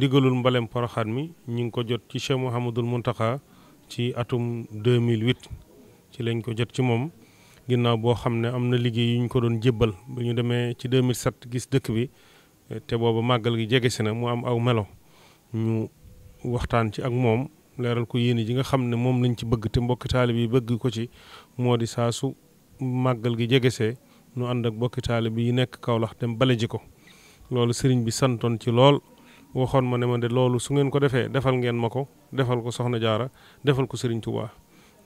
ndigalul mbalem poroxaat mi ñu ngi ko jot ci Cheikh Mouhamadul Mountakha ci atum 2008 ci lañ ko jot ci moom ginnaaw boo xam ne am na liggéey yu ñu ko doon jébbal bu ñu demee ci 2007 gis dëkk bi te booba màggal gi jege si na mu am aw melo ñu waxtaan ci ak moom leeral ko yéene ji nga xam ne moom lañ ci bëgg te mbokki taalib yi bëgg ko ci moo di saa su màggal gi jegesee nu ànd ak mbokki taalib yi nekk Kaolack dem bale ji ko loolu sëriñ ci lool waxoon ma ne ma de loolu su ngeen ko defee defal ngeen ma ko defal ko Soxna Jaara defal ko Serigne Touba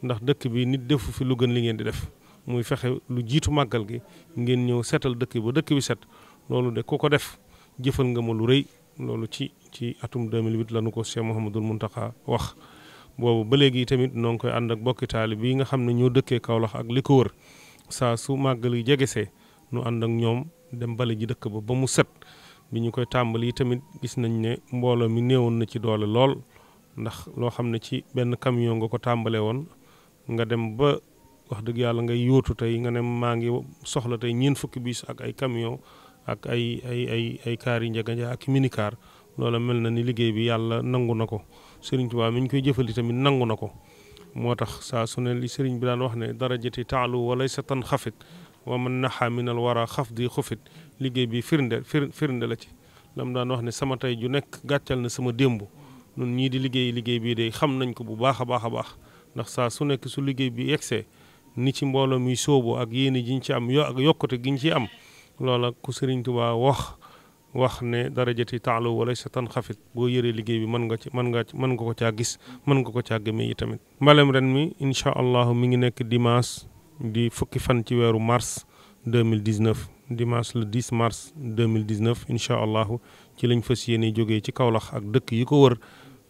ndax dëkk bi nit defu fi lu gën li ngeen di def muy fexe lu jiitu màggal gi ngeen ñëw setal dëkk ba dëkk bi set loolu de ku ko def jëfal nga ma lu rëy loolu ci ci atum 2008 la nu ko Cheikh Mouhamadul Mountakha wax. boobu ba léegi tamit noo ngi koy ànd ak bokki taali bi nga xam ne ñoo dëkkee Kaolack ak li ko wër saa su màggal yi see nu ànd ak ñoom dem bale ji dëkk ba ba mu set. bi ñu koy tàmbali tamit gis nañ ne mbooloo mi néewoon na ci doole lool ndax loo xam ne ci benn camion nga ko tàmbalee woon nga dem ba wax dëgg yàlla ngay yóotu tey nga ne maa ngi soxla tey ñeent fukki bis ak ay camion ak ay ay ay ay kaar yi njeganjaay ak minicar loola mel na ni liggéey bi yàlla nangu na ko sëriñ Tuubaa mi ñu koy jëfali tamit nangu na ko moo tax saa su ne li sëriñ bi daan wax ne darajati taalu wala sa tan wa man naxa minal wara xafdi xufit liggéey bi firnde firnde la ci lam daan wax ne sama tey ju nekk gàccal na sama démb nun ñii di liggéey liggéey bii de xam nañ ko bu baax a baax a baax ndax saa su nekk su liggéey bi yegsee ni ci mbooloo mi sóobu ak yéene jiñ ci am yo ak yokkute giñ ci am loola ku Sëriñ Tuubaa wax wax ne darajati taalu wala sa tan xafit boo yëree liggéey bi mën nga ci mën nga mën nga ko caa gis mën nga ko caa gëmee yi tamit mbalem ren mi ngi nekk dimanche di fukki fan ci weeru mars 2019 dimanche le 10 mars 2019 incha allahu ci lañ fas yéene jógee ci Kaolack ak dëkk yi ko wër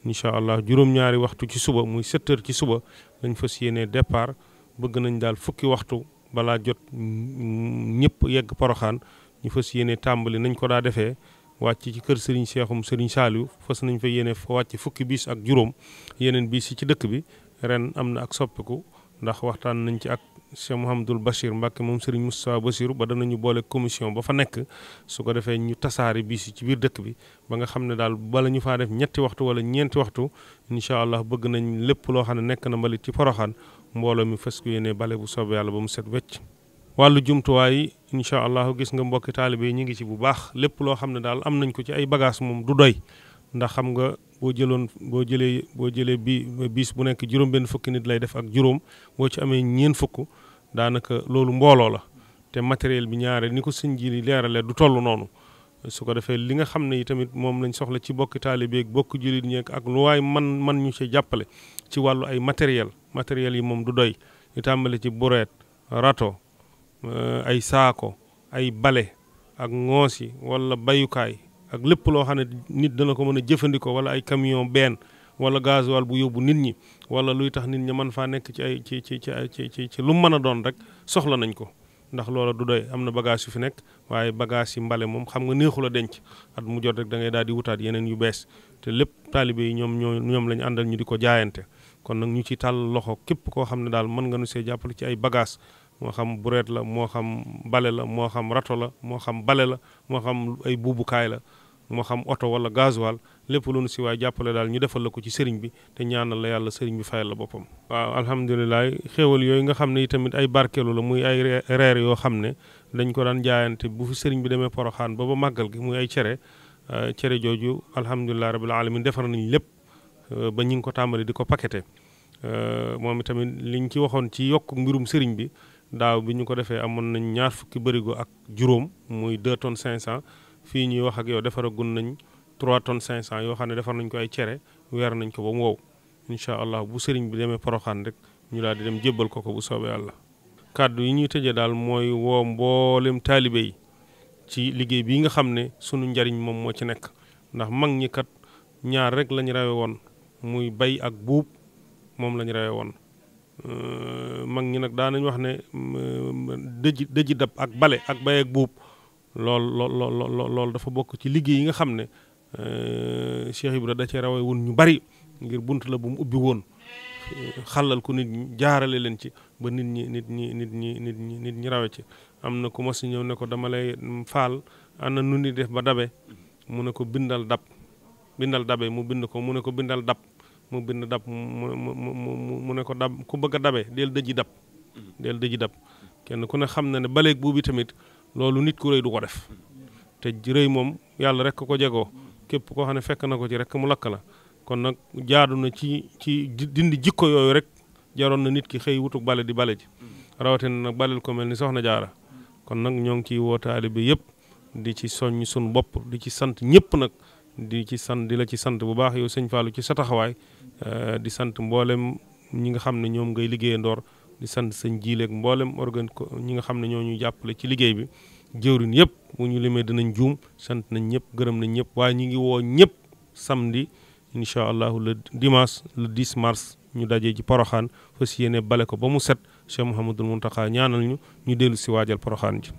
incha allah juróom-ñaari waxtu ci suba muy 7 ci suba lañ fas yéene départ bëgg nañ daal fukki waxtu balaa jot ñëpp yegg Poroxaan ñu fas yéene tàmbali nañ ko daa defee wàcc ci kër Serigne Cheikhoum Serigne Saliou fas nañ fa yéene fa wàcc fukki bis ak juróom yeneen bis yi ci dëkk bi ren am na ak soppiku ndax waxtaan nañ ci ak Cheikh Mouhamadul Bachir Mbacke moom sëriñ Moustapha Bachir ba danañu boole commission ba fa nekk su ko defee ñu tasaare bis yi ci biir dëkk bi ba nga xam ne daal bala ñu faa def ñetti waxtu wala ñeenti waxtu incha allah bëgg nañ lépp loo xam ne nekk na mbalit ci Poroxaan mbooloo mi fas yéene bale bu soobee yàlla ba mu set wecc wàllu jumtuwaay yi allah gis nga mbokki taalibe yi ñu ngi ci bu baax lépp loo xam ne daal am nañ ko ci ay bagage moom du doy boo jëloon boo jëlee boo jëlee bi bis bu nekk juróom-benn fukki nit lay def ak juróom boo ci amee ñeen fukk daanaka loolu mbooloo la te matériel bi ñaare ni ko sëñ ji leeralee du toll noonu su ko defee li nga xam ne tamit moom lañ soxla ci bokki taalibe ak bokki jullit ñeek ak lu waay man man ñu ci jàppale ci wàllu ay matériel matériel yi moom du doy ñu tàmbali ci bureet rato euh, ay saako ay bale ak ŋoos yi wala bayukaay ak lépp loo xam ne nit dana ko mën a jëfandikoo wala ay camion benn wala gasoil bu yóbbu nit ñi wala luy tax nit ñi mën faa nekk ci ay ci ci ci ci ci lu mu mën a doon rek soxla nañ ko. ndax loola du doy am na bagage yu fi nekk waaye bagage yi mbale moom xam nga neexu la denc at mu jot rek da ngay daal di wutaat yeneen yu bees te lépp taalibe yi ñoom ñoo ñoom lañu ñu àndal ñu di ko jaayante kon nag ñu ci tàll loxo képp koo xam ne daal mën nga nu see jàppale ci ay bagage moo xam bureet la moo xam bale la moo xam rato la moo xam bale la moo xam ay buubukaay la moo xam oto wala gasoil lépp loonu nu si waay jàppale daal ñu defal la ko ci sëriñ bi te ñaanal la yàlla sëriñ bi fayal la boppam. waaw alhamdulilah xéewal yooyu nga xam ne tamit ay barkeelu la muy ay reer yoo xam ne dañ ko daan jaayante bu fi sëriñ bi demee poroxaan ba ba màggal gi muy ay cere euh, cere jooju alhamdulilah rabil alamin defar nañ lépp euh, ba ñu ngi ko tàmbali di ko pakete euh, moom itamit liñ ci waxoon ci yokk mbirum sëriñ bi. daaw bi ñu ko defee amoon nañ ñaar fukki bërigo ak juróom muy 2 tonnes 500 fii ñuy wax ak yow defaragun nañ 3 tonnes 500 yoo xam ne defar nañ ko ay cere weer nañ ko ba mu wow incha allah bu sëriñ bi demee Poroxaan rek ñu daal di dem jébbal ko ko bu soobee àlla kàddu yi ñuy tëjee daal mooy woo mbooleem taalibe yi ci liggéey bii nga xam ne sunu njariñ moom moo ci nekk ndax mag ñi kat ñaar rek lañ rawe woon muy bay ak buub moom lañ rawe woon. mag ñi nag daanañ wax ne dëji mm, dëji dab ak bale ak bay ak buub lool lool dafa bokk ci liggéey yi nga xam ne euh, Cheikh bi da cee rawee woon ñu bari ngir bunt la bu ubbi woon xalal ko nit ñi jaarale leen ci ba nit ñi nit ñi nit ñi nit ñi nit ñi rawe ci am na ku mas ne ko dama lay faal ana nu ni def ba dabe mu ne ko bindal dab bindal dabe mu bind ko mu ne ko bindal dab mu bind dab mu mu mu mu ne ko dab ku bëgg a dabe del dëji dab. Mm-hmm. del dëji dab kenn ku ne xam na ne baleeg buubi tamit loolu nit ku rëy du ko def. Mm-hmm. te rëy moom yàlla rek ko jegoo képp koo xam ne fekk na ko ci rekk mu lakk la kon nag jaadu na ci ci dindi jikko yooyu rek jaroon na nit ki xëy wutuk bale di bale ji. Mm-hmm. rawatina nag balel ko mel ni soxna jaara kon nag ñoo ngi ciy woo bi yëpp di ci soññ sunu bopp di ci sant ñëpp nag. di ci sant di la ci sant bu baax yow sëñ Fallou ci sa taxawaay eh, di sant mboolem ñi nga xam ne ñoom ngay liggéeyandoor di sant sëñ jiileeg mboolem organ ko ñi nga xam ne ñoo ñu jàppale ci liggéey bi jëwrin yëpp bu ñu limee dinañ juum sant nañ ñëpp gërëm nañ ñëpp waaye ñu ngi woo ñëpp samedi incha allahu le dimanche le 10 mars ñu dajee ci poroxaan fas yéene bale ko ba mu set Cheikh Mouhamadul Mountakha ñaanal ñu ñu dellu si waajal poroxaan ji